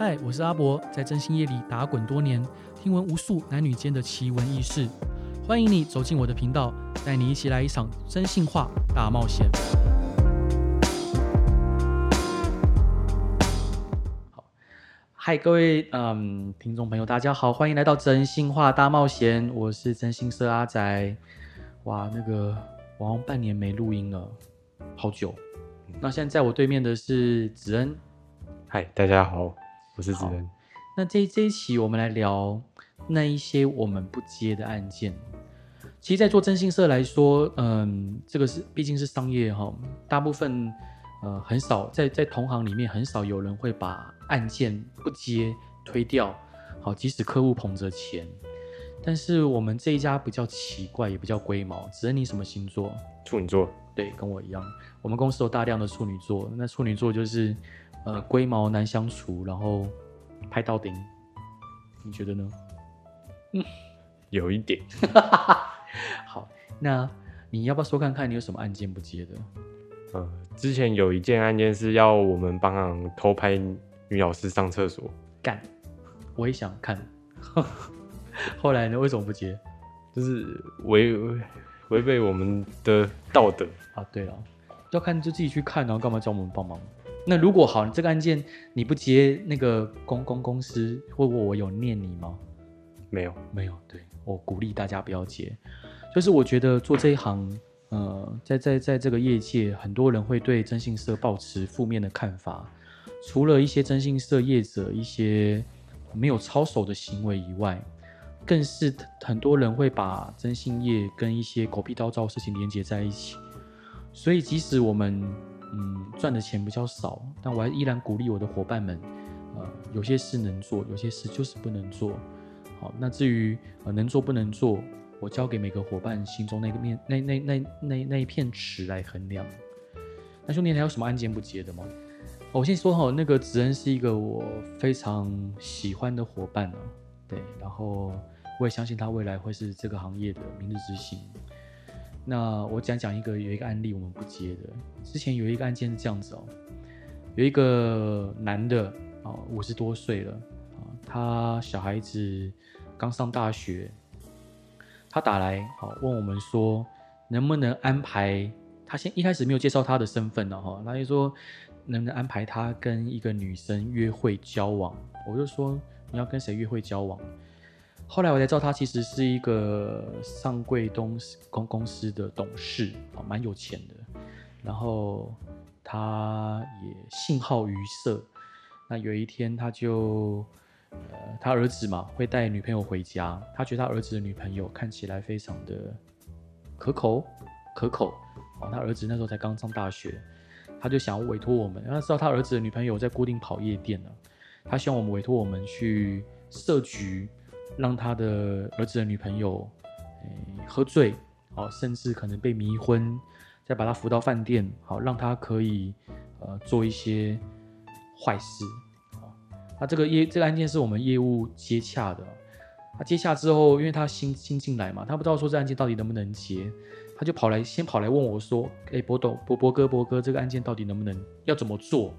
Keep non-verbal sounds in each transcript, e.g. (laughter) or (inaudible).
嗨，我是阿博，在徵信業裡打滾多年，聽聞無數男女間的奇聞異事。歡迎你走進我的頻道，帶你一起來一場真心話大冒險。好，Hi, 各位嗯，聽眾朋友，大家好，歡迎來到真心話大冒險，我是徵信社阿仔。哇，那個我好像半年沒錄音了，好久。那現在在我對面的是子恩。嗨，大家好。不是梓恩，那這這一期我們來聊那一些我們不接的案件。其實，在做徵信社來說，嗯，這個是畢竟是商業哈、哦，大部分呃很少在在同行裡面很少有人會把案件不接推掉。好，即使客戶捧着錢，但是我們這一家比較奇怪，也比較龜毛。梓恩，你什麼星座？處女座。對，跟我一樣。我們公司有大量的處女座。那處女座就是。呃，龜毛難相處，然後拍到頂，你覺得呢？嗯，有一點。 (laughs) 好，那你要不要說看看你有什麼案件不接的？呃、嗯，之前有一件案件是要我們幫忙偷拍女老師上廁所，幹，我也想看。 (laughs) 後來呢？為什麼不接？就是違違違背我們的道德啊！對啊，要看就自己去看，然後幹嘛叫我們幫忙？那如果好，這個案件你不接，那個公公公司，會不會我有念你嗎？沒有，沒有。對我鼓勵大家不要接，就是我覺得做這一行，呃，在在在這個業界，很多人會對徵信社抱持負面的看法，除了一些徵信社業者一些沒有操守的行為以外，更是很多人會把徵信業跟一些狗屁倒灶的事情連接在一起，所以即使我們，嗯。賺的錢比較少，但我還依然鼓勵我的夥伴們，呃，有些事能做，有些事就是不能做。好，那至於、呃、能做不能做，我交給每個夥伴心中那個面，那那那那那，那一片尺來衡量。那兄弟，還有什麼案件不接的嗎？哦，我先說好，哦，那個梓恩是一個我非常喜歡的夥伴啊。對，然後我也相信他未來會是這個行業的明日之星。那我講講一個有一個案例，我們不接的。之前有一個案件是這樣子哦，有一個男的哦，五十多歲了，哦，他小孩子剛上大學，他打來哦問我們說，能不能安排他，先一開始沒有介紹他的身份呢，他就說能不能安排他跟一個女生約會交往？我就說你要跟誰約會交往？後來我才知道，他其實是一個上櫃東公公司的董事，哦、蠻有錢的。然後他也性好漁色。那有一天，他就呃，他兒子嘛會帶女朋友回家，他覺得他兒子的女朋友看起來非常的可口可口，哦、他兒子那時候才剛上大學，他就想要委託我們，他知道他兒子的女朋友在固定跑夜店，啊、他希望我們委託我們去設局。讓他的兒子的女朋友，哎、喝醉，甚至可能被迷昏，再把他扶到飯店，好讓他可以，呃，做一些壞事，啊，那這個業這個案件是我們業務接洽的，他、啊、接洽之後，因為他新新進來嘛，他不知道說這案件到底能不能接，他就跑來先跑來問我說，哎，博董博博哥博哥，這個案件到底能不能要怎麼做？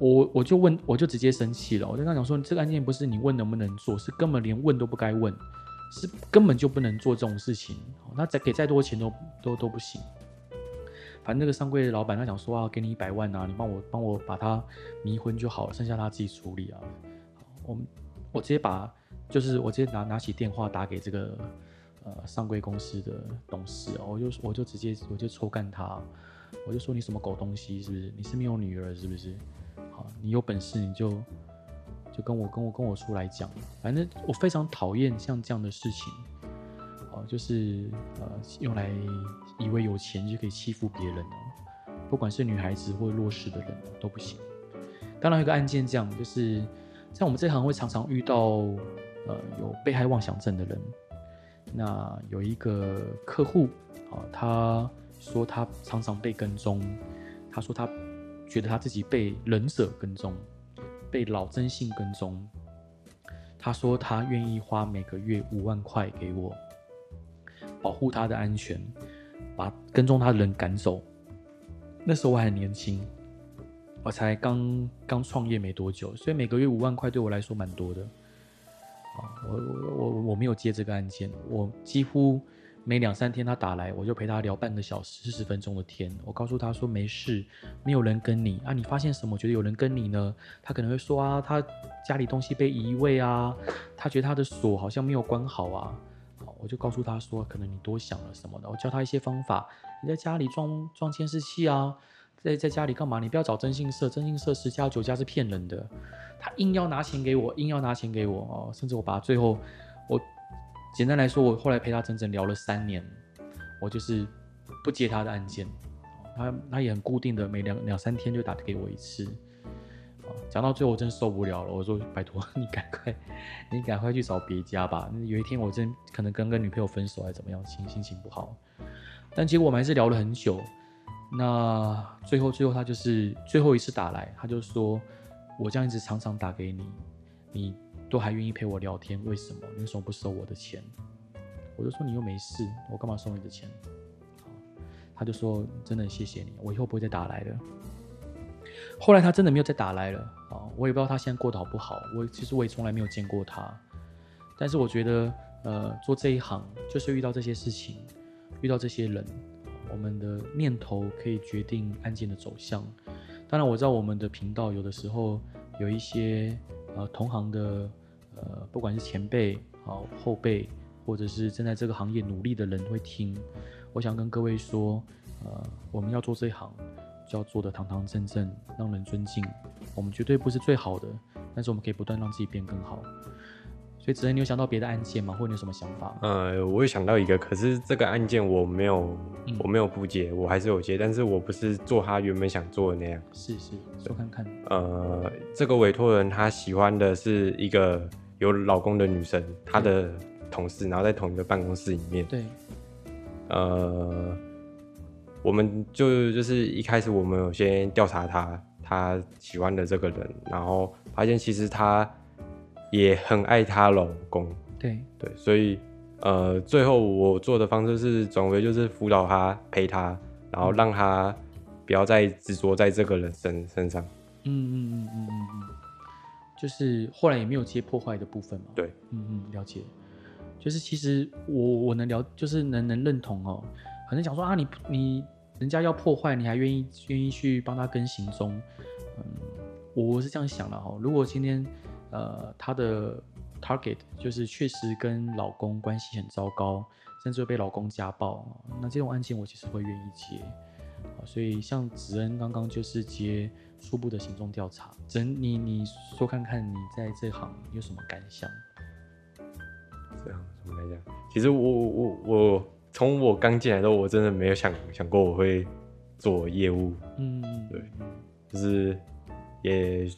我我就問，我就直接生氣了、喔。我就跟他講說，這個案件不是你問能不能做，是根本連問都不該問，是根本就不能做這種事情。那再給再多錢都都都不行。反正那個上櫃的老板，他想說啊，給你一百萬啊，你幫我幫我把他迷昏就好了，剩下他自己處理啊。我們我直接把，就是我直接拿拿起電話打給這個呃上櫃公司的董事、喔，我就我就直接我就抽幹他，我就說你什麼狗東西，是不是？你是沒有女兒，是不是？你有本事你就就跟我跟我跟我出來講，反正我非常討厭像這樣的事情，哦、呃，就是呃用來以為有錢就可以欺負別人。不管是女孩子或弱勢的人都不行。當然，有個案件這樣就是在我們這行會常常遇到呃有被害妄想症的人，那有一個客戶啊、呃，他說他常常被跟蹤，他說他。覺得他自己被人者跟蹤，被老徵信跟蹤。他說他願意花每個月五萬塊給我，保護他的安全，把跟蹤他的人趕走。那時候我還很年輕，我才剛剛創業沒多久，所以每個月五萬塊對我來說蠻多的。啊，我我我我沒有接這個案件，我幾乎。每兩三天他打來，我就陪他聊半個小時、四十分鐘的天。我告訴他說沒事，沒有人跟你啊。你發現什麼？覺得有人跟你呢？他可能會說啊，他家裡東西被移位啊，他覺得他的鎖好像沒有關好啊。好，我就告訴他說，可能你多想了什麼的，我教他一些方法，你在家裡裝裝監視器啊，在在家裡幹嘛？你不要找徵信社，徵信社十家九家是騙人的。他硬要拿錢給我，硬要拿錢給我哦，甚至我把最後我。簡單來說，我後來陪他整整聊了三年，我就是不接他的案件，他他也很固定的，每兩兩三天就打給我一次。講到最後我真受不了了，我說拜托你趕快，你趕快去找別家吧。有一天我真可能跟跟女朋友分手還是怎麼樣，心心情不好。但結果我們還是聊了很久。那最後最後他就是最後一次打來，他就說我這樣一直常常打給你，你都還願意陪我聊天，為什麼？你為什麼不收我的錢？我就說你又沒事，我幹嘛收你的錢？哦，他就說真的謝謝你，我以後不會再打來了。後來他真的沒有再打來了啊，哦，我也不知道他現在過得好不好。我其實我也從來沒有見過他，但是我覺得呃，做這一行就是遇到這些事情，遇到這些人，我們的念頭可以決定案件的走向。當然，我知道我們的頻道有的時候有一些。呃，同行的，呃，不管是前輩、好、呃、後輩，或者是正在這個行業努力的人會聽，我想跟各位說，呃，我們要做這一行，就要做得堂堂正正，讓人尊敬。我們絕對不是最好的，但是我們可以不斷讓自己變更好。所以，梓恩你有想到別的案件嗎？或者你有什麼想法？呃、嗯，我有想到一個，可是這個案件我沒有，我沒有不接、嗯，我還是有接，但是我不是做他原本想做的那樣。是是，說看看。呃，這個委託人他喜歡的是一個有老公的女生、嗯，他的同事，然後在同一個辦公室裡面。對。呃，我們就就是一開始我們有先調查他他喜歡的這個人，然後發現其實他。也很愛她老公，對對，所以呃，最後我做的方式是總歸就是輔導她陪她，然後讓她不要再執着在這個人身身上。嗯嗯嗯嗯嗯嗯，就是後來也沒有接破壞的部分嘛。對，嗯嗯，了解。就是其實我我能了，就是能能認同哦、喔，可能想說啊你，你你人家要破壞，你還願意願意去幫他跟行蹤？嗯，我是這樣想的哦、喔。如果今天。呃，他的 target 就是確實跟老公關係很糟糕，甚至會被老公家暴。那這種案件，我其實會願意接。好，所以像子恩剛剛就是接初步的行蹤調查。子恩，你你說看看你在這行有什麼感想？這樣，怎麼來講？其實我我我我從我剛進來的時候，我真的沒有想想過我會做業務。嗯，對，就是也。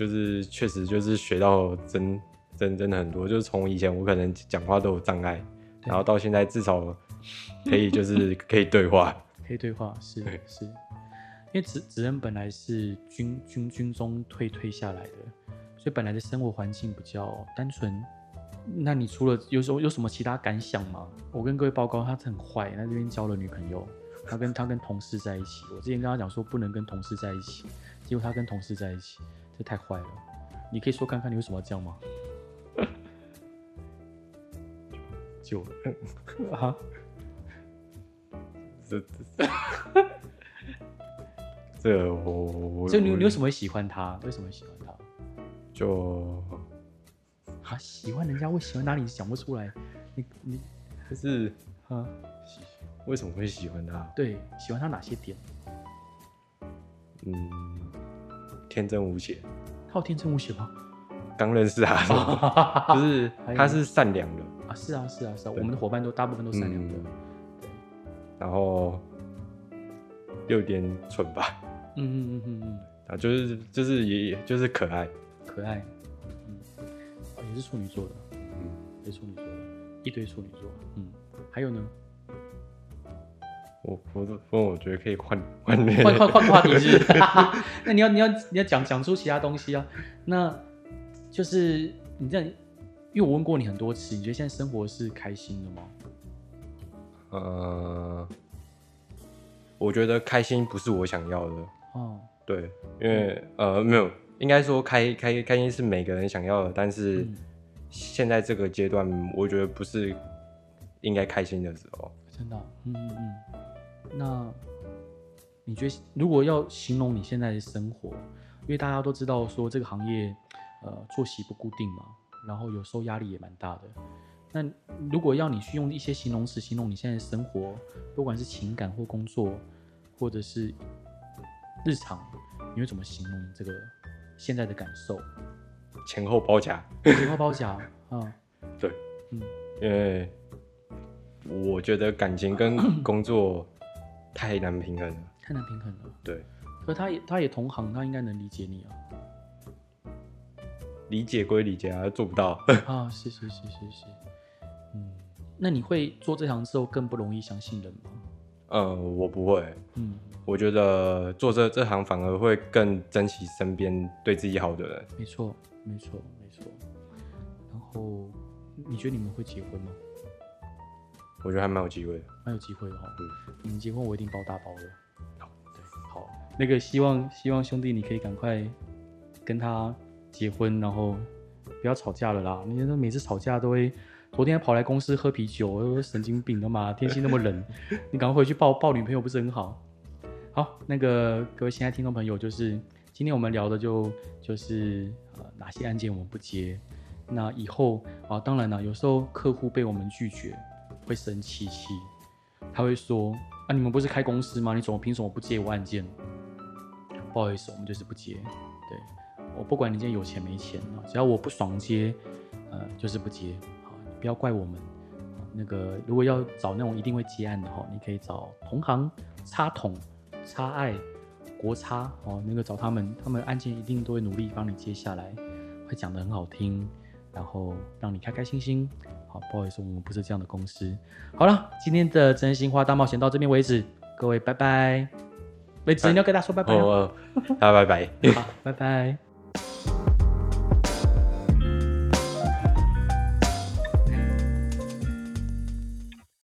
就是確實就是學到真真真的很多，就是從以前我可能講話都有障礙，然後到現在至少可以就是可以對話， (laughs) 可以對話是對，是，因為梓梓恩本來是軍軍軍中退退下來的，所以本來的生活環境比較單純。那你除了有有什麼其他感想嗎？我跟各位報告，他很壞，他這邊交了女朋友，他跟他跟同事在一起。我之前跟他講說不能跟同事在一起，結果他跟同事在一起。這太壞了，你可以說看看你為什麼要這樣嗎？救了 (laughs) 啊！這這 (laughs) 這我所以你我我你為什麼會喜歡他？為什麼會喜歡他？就啊，喜歡人家會喜歡哪裡？想不出來。你你可、就是啊？為什麼會喜歡他？對，喜歡他哪些點？嗯。天真無邪，他有天真無邪嗎？剛認識啊， (laughs) 就是，他是善良的、 (laughs) 哎、啊，是啊是啊是啊，我們的夥伴都大部分都善良的，對、嗯，然後又有點蠢吧，嗯嗯嗯嗯嗯，啊，就是就是也就是可愛，可愛，嗯，啊、也是處女座的，嗯，也是處女座的，一堆處女座，嗯，還有呢。我我我覺得可以換換換換換話題， (laughs) (laughs) 那你要你要你要講講出其他東西啊？那就是你在，因為我問過你很多次，你覺得現在生活是開心的嗎？呃，我覺得開心不是我想要的。哦，對，因為呃沒有，應該說開開開心是每個人想要的，但是現在這個階段，我覺得不是應該開心的時候。嗯。真的？嗯嗯嗯。那，你覺得如果要形容你現在的生活，因為大家都知道說這個行業，呃，作息不固定嘛，然後有時候壓力也蠻大的。那如果要你去用一些形容詞形容你現在的生活，不管是情感或工作，或者是日常，你會怎麼形容你這個現在的感受？前後包夾， (laughs) 前後包夾啊、嗯，對，嗯，因為我覺得感情跟工作。 (laughs) 太難平衡了，太難平衡了。對，可是他也他也同行，他應該能理解你啊。理解歸理解啊，做不到 (laughs) 啊！是是是是是，嗯，那你會做這行之後更不容易相信人嗎？嗯，我不會。嗯，我覺得做這這行反而會更珍惜身邊對自己好的人。沒錯，沒錯，沒錯。然後，你覺得你們會結婚嗎？我覺得還蠻有機會的，蠻有機會的哈。嗯，你結婚我一定包大包的。好，對，好。那個希望希望兄弟你可以趕快跟他結婚，然後不要吵架了啦。你那每次吵架都會，昨天還跑來公司喝啤酒，神經病的嘛。天氣那麼冷， (laughs) 你趕快回去抱抱女朋友不是很好？好，那個各位親愛的聽眾朋友，就是今天我們聊的就就是、呃、哪些案件我們不接。那以後啊、呃，當然了，有時候客戶被我們拒絕。會生氣氣，他會說：啊，你們不是開公司嗎？你怎麼憑什麼不接我案件？不好意思，我們就是不接。對，我不管你今天有錢沒錢啊，只要我不爽接，呃，就是不接。好，你不要怪我們。好，那個，如果要找那種一定會接案的話，你可以找同行、差統、差愛、國差哦，那個找他們，他們案件一定都會努力幫你接下來，會講得很好聽。然後讓你開開心心。好，不好意思，我們不是這樣的公司。好了，今天的真心話大冒險到這邊為止，各位拜拜。妹子，你要跟大家說拜拜。哦，拜拜拜，好，拜拜。 (laughs)